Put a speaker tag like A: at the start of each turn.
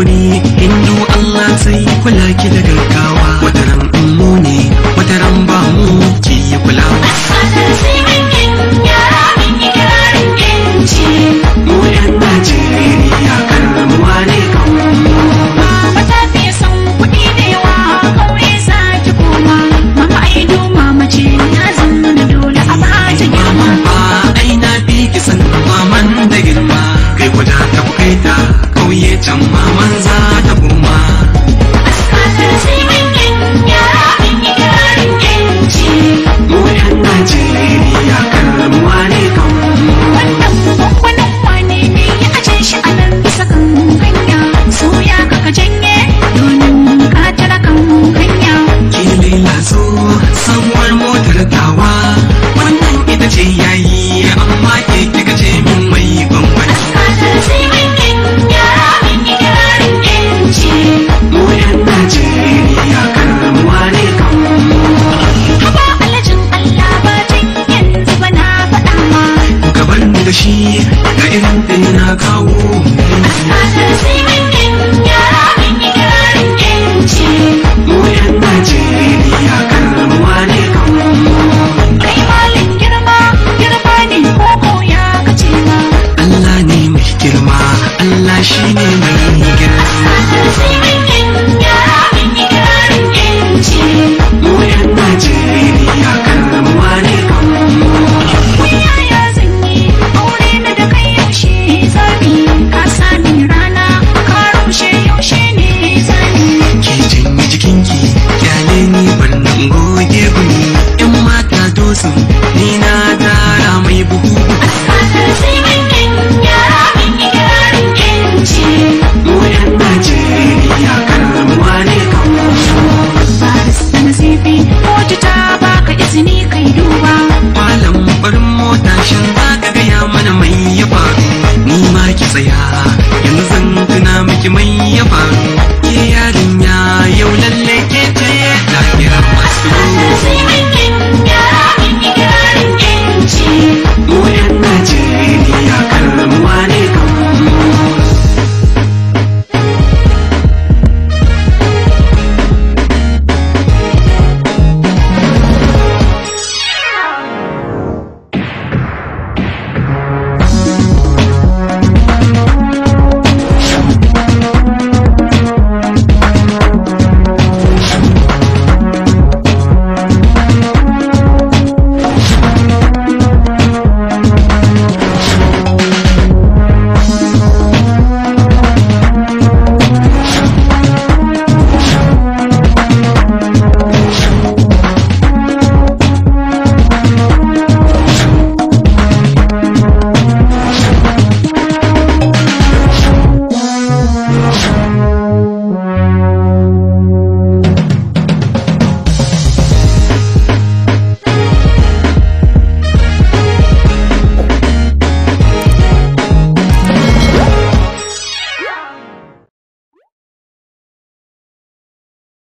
A: hakuri hindu